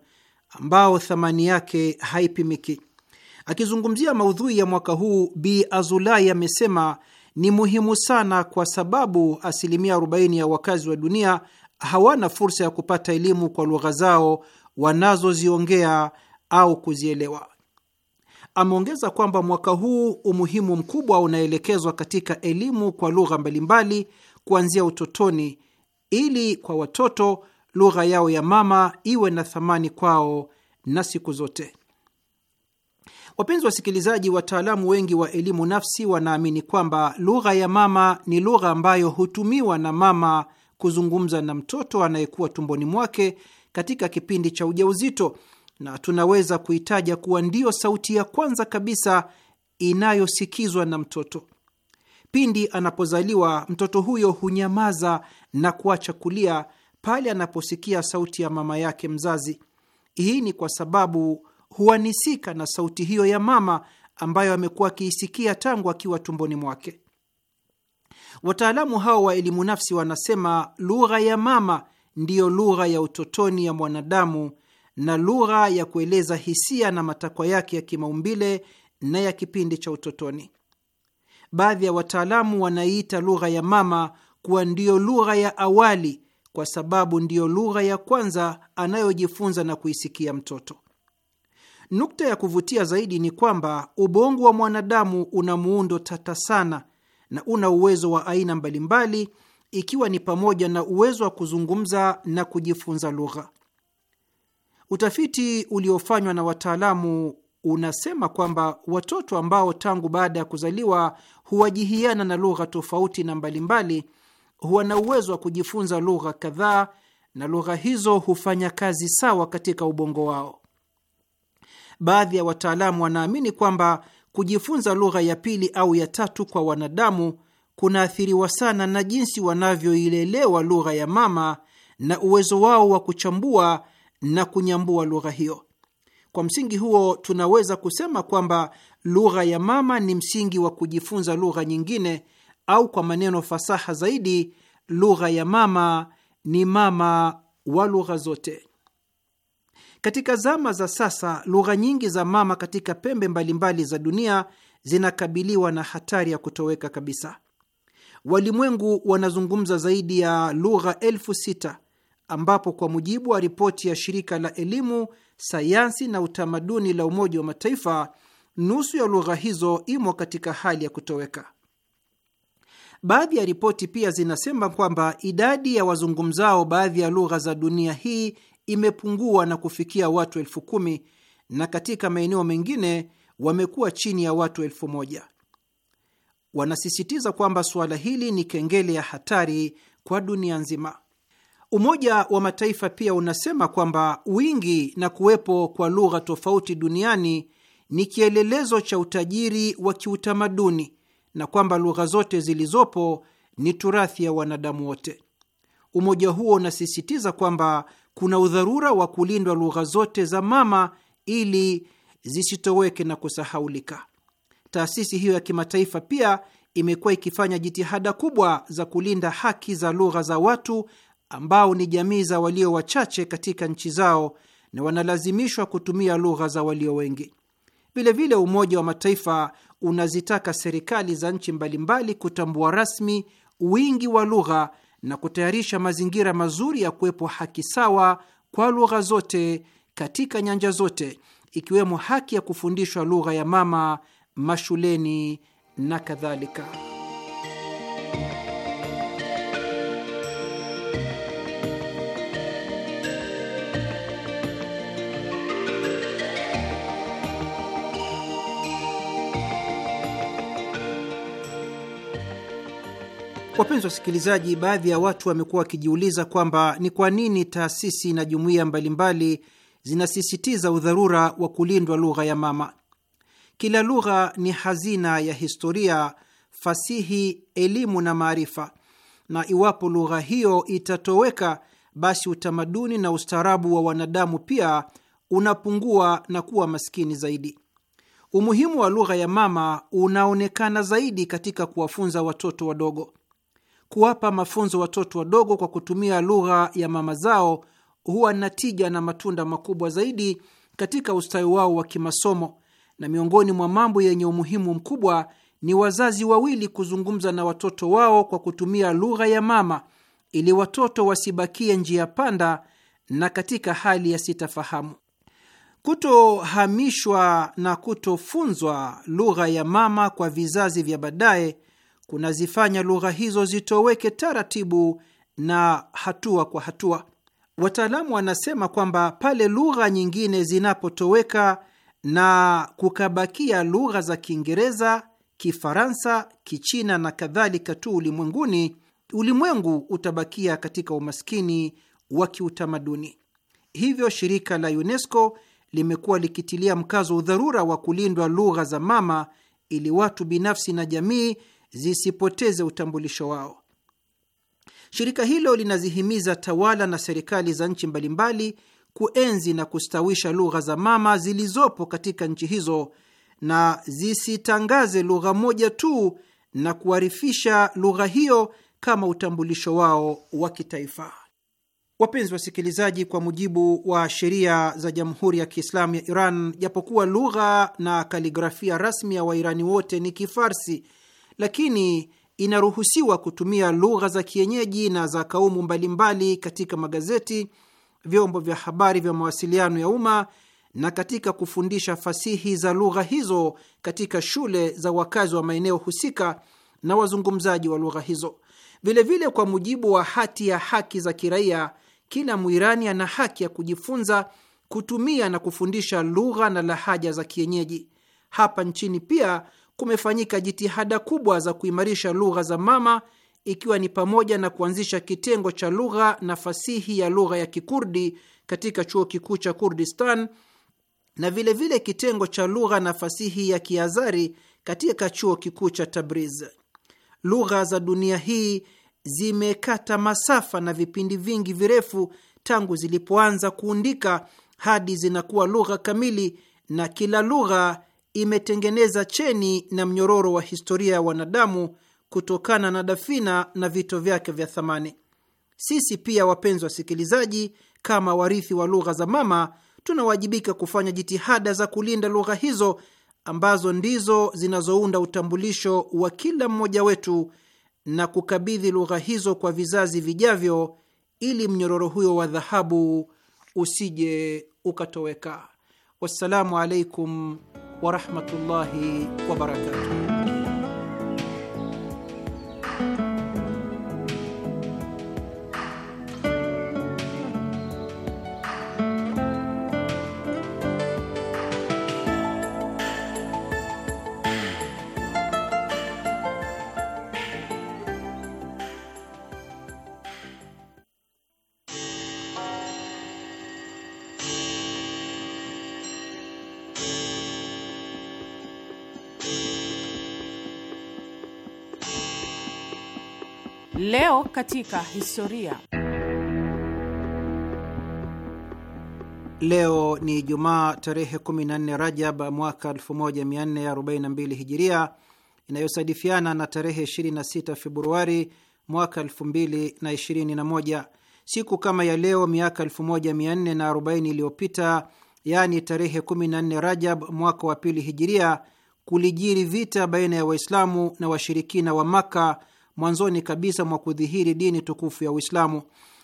ambao thamani yake haipimiki. Akizungumzia maudhui ya mwaka huu, Bi Azulai amesema ni muhimu sana kwa sababu asilimia 40 ya wakazi wa dunia hawana fursa ya kupata elimu kwa lugha zao wanazoziongea au kuzielewa. Ameongeza kwamba mwaka huu umuhimu mkubwa unaelekezwa katika elimu kwa lugha mbalimbali kuanzia utotoni, ili kwa watoto lugha yao ya mama iwe na thamani kwao na siku zote. Wapenzi wasikilizaji, wataalamu wengi wa elimu nafsi wanaamini kwamba lugha ya mama ni lugha ambayo hutumiwa na mama kuzungumza na mtoto anayekuwa tumboni mwake katika kipindi cha ujauzito, na tunaweza kuitaja kuwa ndiyo sauti ya kwanza kabisa inayosikizwa na mtoto. Pindi anapozaliwa, mtoto huyo hunyamaza na kuacha kulia pale anaposikia sauti ya mama yake mzazi. Hii ni kwa sababu huanisika na sauti hiyo ya mama ambayo amekuwa akiisikia tangu akiwa tumboni mwake. Wataalamu hao wa elimu nafsi wanasema lugha ya mama ndiyo lugha ya utotoni ya mwanadamu na lugha ya kueleza hisia na matakwa yake ya kimaumbile na ya kipindi cha utotoni. Baadhi ya wataalamu wanaiita lugha ya mama kuwa ndiyo lugha ya awali, kwa sababu ndiyo lugha ya kwanza anayojifunza na kuisikia mtoto. Nukta ya kuvutia zaidi ni kwamba ubongo wa mwanadamu una muundo tata sana na una uwezo wa aina mbalimbali, ikiwa ni pamoja na uwezo wa kuzungumza na kujifunza lugha. Utafiti uliofanywa na wataalamu unasema kwamba watoto ambao tangu baada ya kuzaliwa huwajihiana na lugha tofauti na mbalimbali huwa na uwezo wa kujifunza lugha kadhaa na lugha hizo hufanya kazi sawa katika ubongo wao baadhi ya wataalamu wanaamini kwamba kujifunza lugha ya pili au ya tatu kwa wanadamu kunaathiriwa sana na jinsi wanavyoilelewa lugha ya mama na uwezo wao wa kuchambua na kunyambua lugha hiyo. Kwa msingi huo, tunaweza kusema kwamba lugha ya mama ni msingi wa kujifunza lugha nyingine, au kwa maneno fasaha zaidi, lugha ya mama ni mama wa lugha zote. Katika zama za sasa, lugha nyingi za mama katika pembe mbalimbali za dunia zinakabiliwa na hatari ya kutoweka kabisa. Walimwengu wanazungumza zaidi ya lugha elfu sita ambapo kwa mujibu wa ripoti ya shirika la elimu, sayansi na utamaduni la Umoja wa Mataifa, nusu ya lugha hizo imo katika hali ya kutoweka. Baadhi ya ripoti pia zinasema kwamba idadi ya wazungumzao baadhi ya lugha za dunia hii imepungua na kufikia watu elfu kumi na katika maeneo mengine wamekuwa chini ya watu elfu moja. Wanasisitiza kwamba suala hili ni kengele ya hatari kwa dunia nzima. Umoja wa Mataifa pia unasema kwamba wingi na kuwepo kwa lugha tofauti duniani ni kielelezo cha utajiri wa kiutamaduni na kwamba lugha zote zilizopo ni turathi ya wanadamu wote. Umoja huo unasisitiza kwamba kuna udharura wa kulindwa lugha zote za mama ili zisitoweke na kusahaulika. Taasisi hiyo ya kimataifa pia imekuwa ikifanya jitihada kubwa za kulinda haki za lugha za watu ambao ni jamii za walio wachache katika nchi zao na wanalazimishwa kutumia lugha za walio wengi. Vilevile, Umoja wa Mataifa unazitaka serikali za nchi mbalimbali kutambua rasmi wingi wa lugha na kutayarisha mazingira mazuri ya kuwepo haki sawa kwa lugha zote katika nyanja zote, ikiwemo haki ya kufundishwa lugha ya mama mashuleni na kadhalika. Wapenzi wasikilizaji, baadhi ya watu wamekuwa wakijiuliza kwamba ni kwa nini taasisi na jumuiya mbalimbali zinasisitiza udharura wa kulindwa lugha ya mama. Kila lugha ni hazina ya historia, fasihi, elimu na maarifa, na iwapo lugha hiyo itatoweka, basi utamaduni na ustaarabu wa wanadamu pia unapungua na kuwa maskini zaidi. Umuhimu wa lugha ya mama unaonekana zaidi katika kuwafunza watoto wadogo kuwapa mafunzo watoto wadogo kwa kutumia lugha ya mama zao huwa na tija na matunda makubwa zaidi katika ustawi wao wa kimasomo. Na miongoni mwa mambo yenye umuhimu mkubwa ni wazazi wawili kuzungumza na watoto wao kwa kutumia lugha ya mama, ili watoto wasibakie njia panda na katika hali ya sitafahamu. Kutohamishwa na kutofunzwa lugha ya mama kwa vizazi vya baadaye kunazifanya lugha hizo zitoweke taratibu na hatua kwa hatua. Wataalamu wanasema kwamba pale lugha nyingine zinapotoweka na kukabakia lugha za Kiingereza, Kifaransa, Kichina na kadhalika tu ulimwenguni, ulimwengu utabakia katika umaskini wa kiutamaduni. Hivyo shirika la UNESCO limekuwa likitilia mkazo udharura wa kulindwa lugha za mama ili watu binafsi na jamii zisipoteze utambulisho wao. Shirika hilo linazihimiza tawala na serikali za nchi mbalimbali kuenzi na kustawisha lugha za mama zilizopo katika nchi hizo na zisitangaze lugha moja tu na kuarifisha lugha hiyo kama utambulisho wao wa kitaifa. Wapenzi wasikilizaji, kwa mujibu wa sheria za Jamhuri ya Kiislamu ya Iran, japokuwa lugha na kaligrafia rasmi ya Wairani wote ni Kifarsi lakini inaruhusiwa kutumia lugha za kienyeji na za kaumu mbalimbali katika magazeti, vyombo vya habari vya mawasiliano ya umma na katika kufundisha fasihi za lugha hizo katika shule za wakazi wa maeneo husika na wazungumzaji wa lugha hizo. Vilevile vile, kwa mujibu wa hati ya haki za kiraia, kila Mwirani ana haki ya kujifunza kutumia na kufundisha lugha na lahaja za kienyeji. Hapa nchini pia kumefanyika jitihada kubwa za kuimarisha lugha za mama ikiwa ni pamoja na kuanzisha kitengo cha lugha na fasihi ya lugha ya Kikurdi katika chuo kikuu cha Kurdistan na vilevile vile kitengo cha lugha na fasihi ya Kiazari katika chuo kikuu cha Tabriz. Lugha za dunia hii zimekata masafa na vipindi vingi virefu tangu zilipoanza kuundika hadi zinakuwa lugha kamili na kila lugha imetengeneza cheni na mnyororo wa historia ya wanadamu kutokana na dafina na vito vyake vya thamani. Sisi pia, wapenzi wasikilizaji, kama warithi wa lugha za mama, tunawajibika kufanya jitihada za kulinda lugha hizo ambazo ndizo zinazounda utambulisho wa kila mmoja wetu na kukabidhi lugha hizo kwa vizazi vijavyo ili mnyororo huyo wa dhahabu usije ukatoweka. Wassalamu alaikum ورحمه الله وبركاته Leo katika historia. Leo ni Jumaa tarehe 14 Rajab mwaka 1442 Hijiria, inayosadifiana na tarehe 26 Februari mwaka 2021. Siku kama ya leo miaka 1440 iliyopita, yaani tarehe 14 Rajab mwaka wa pili Hijiria, kulijiri vita baina ya Waislamu na washirikina wa Maka mwanzoni kabisa mwa kudhihiri dini tukufu ya Uislamu.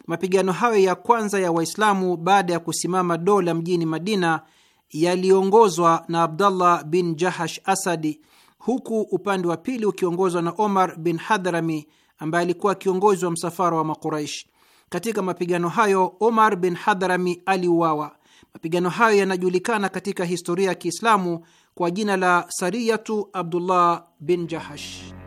Mapigano hayo ya kwanza ya Waislamu baada ya kusimama dola mjini Madina yaliongozwa na Abdallah bin Jahash Asadi, huku upande wa pili ukiongozwa na Omar bin Hadhrami ambaye alikuwa kiongozi wa msafara wa Makuraish. Katika mapigano hayo Omar bin Hadhrami aliuawa. Mapigano hayo yanajulikana katika historia ya Kiislamu kwa jina la Sariyatu Abdullah bin Jahash.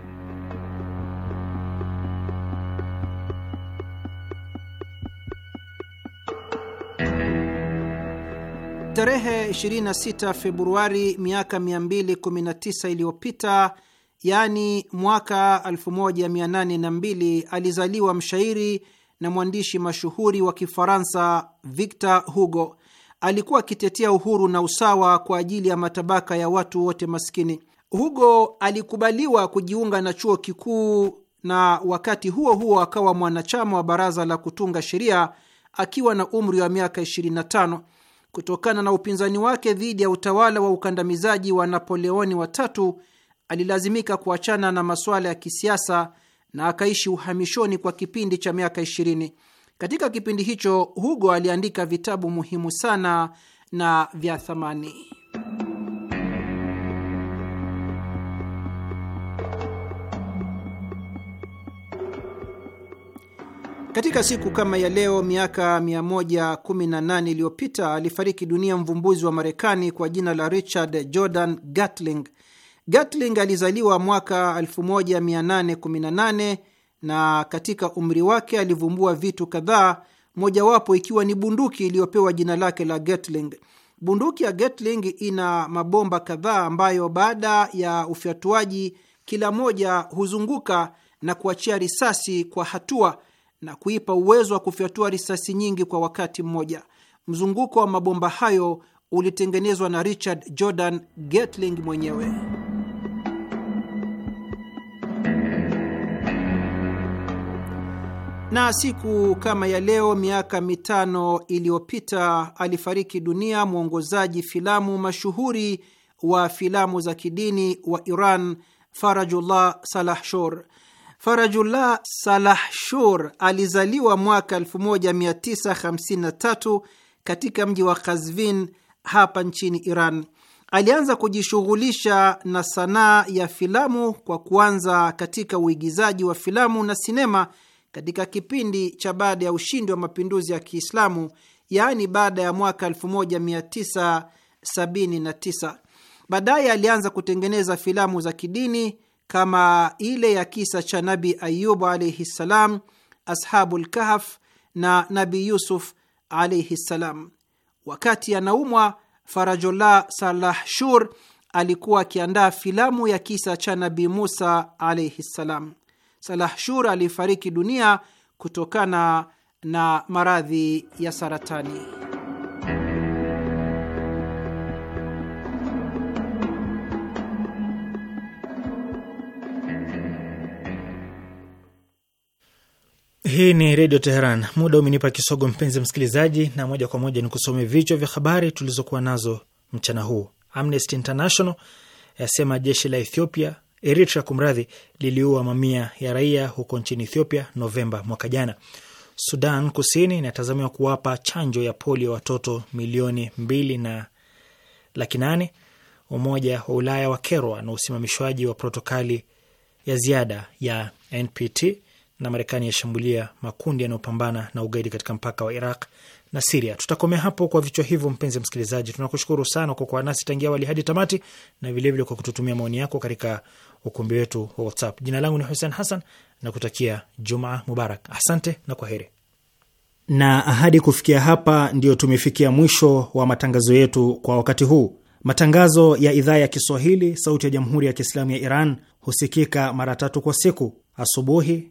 Tarehe 26 Februari miaka 219 iliyopita, yaani mwaka 1802, alizaliwa mshairi na mwandishi mashuhuri wa Kifaransa Victor Hugo. Alikuwa akitetea uhuru na usawa kwa ajili ya matabaka ya watu wote maskini. Hugo alikubaliwa kujiunga na chuo kikuu na wakati huo huo akawa mwanachama wa baraza la kutunga sheria akiwa na umri wa miaka 25 kutokana na upinzani wake dhidi ya utawala wa ukandamizaji wa Napoleoni watatu alilazimika kuachana na masuala ya kisiasa na akaishi uhamishoni kwa kipindi cha miaka 20. Katika kipindi hicho Hugo aliandika vitabu muhimu sana na vya thamani. Katika siku kama ya leo miaka 118 iliyopita alifariki dunia mvumbuzi wa Marekani kwa jina la Richard Jordan Gatling. Gatling alizaliwa mwaka 1818 na katika umri wake alivumbua vitu kadhaa, mojawapo ikiwa ni bunduki iliyopewa jina lake la Gatling. Bunduki ya Gatling ina mabomba kadhaa ambayo baada ya ufyatuaji kila moja huzunguka na kuachia risasi kwa hatua na kuipa uwezo wa kufyatua risasi nyingi kwa wakati mmoja. Mzunguko wa mabomba hayo ulitengenezwa na Richard Jordan Gatling mwenyewe. Na siku kama ya leo miaka mitano iliyopita alifariki dunia mwongozaji filamu mashuhuri wa filamu za kidini wa Iran Farajullah Salahshor. Farajullah Salahshur alizaliwa mwaka 1953 katika mji wa Kazvin hapa nchini Iran. Alianza kujishughulisha na sanaa ya filamu kwa kuanza katika uigizaji wa filamu na sinema katika kipindi cha baada ya ushindi wa mapinduzi ya Kiislamu, yaani baada ya mwaka 1979. Baadaye alianza kutengeneza filamu za kidini kama ile ya kisa cha Nabi Ayubu alaihi ssalam, Ashabu lkahf na Nabi Yusuf alaihi ssalam. Wakati anaumwa, Farajullah Salah Shur alikuwa akiandaa filamu ya kisa cha Nabi Musa alaihi ssalam. Salah Shur alifariki dunia kutokana na maradhi ya saratani. Hii ni Redio Teheran. Muda umenipa kisogo, mpenzi msikilizaji, na moja kwa moja ni kusome vichwa vya habari tulizokuwa nazo mchana huu. Amnesty International yasema jeshi la Ethiopia, Eritrea kumradhi, liliua mamia ya raia huko nchini Ethiopia Novemba mwaka jana. Sudan Kusini inatazamiwa kuwapa chanjo ya polio watoto milioni mbili na laki nane. Umoja wa Ulaya wakerwa na usimamishwaji wa protokali ya ziada ya NPT na Marekani yashambulia makundi yanayopambana na ugaidi katika mpaka wa Iraq na Siria. Tutakomea hapo kwa vichwa hivyo, mpenzi msikilizaji. Tunakushukuru sana kwa kuwa nasi tangia awali hadi tamati na vilevile kwa kututumia maoni yako katika ukumbi wetu wa WhatsApp. Jina langu ni Hussein Hassan na kutakia Jumaa Mubarak. Asante na kwa heri na ahadi. Kufikia hapa, ndiyo tumefikia mwisho wa matangazo yetu kwa wakati huu. Matangazo ya idhaa ya Kiswahili, Sauti ya Jamhuri ya Kiislamu ya Iran husikika mara tatu kwa siku: asubuhi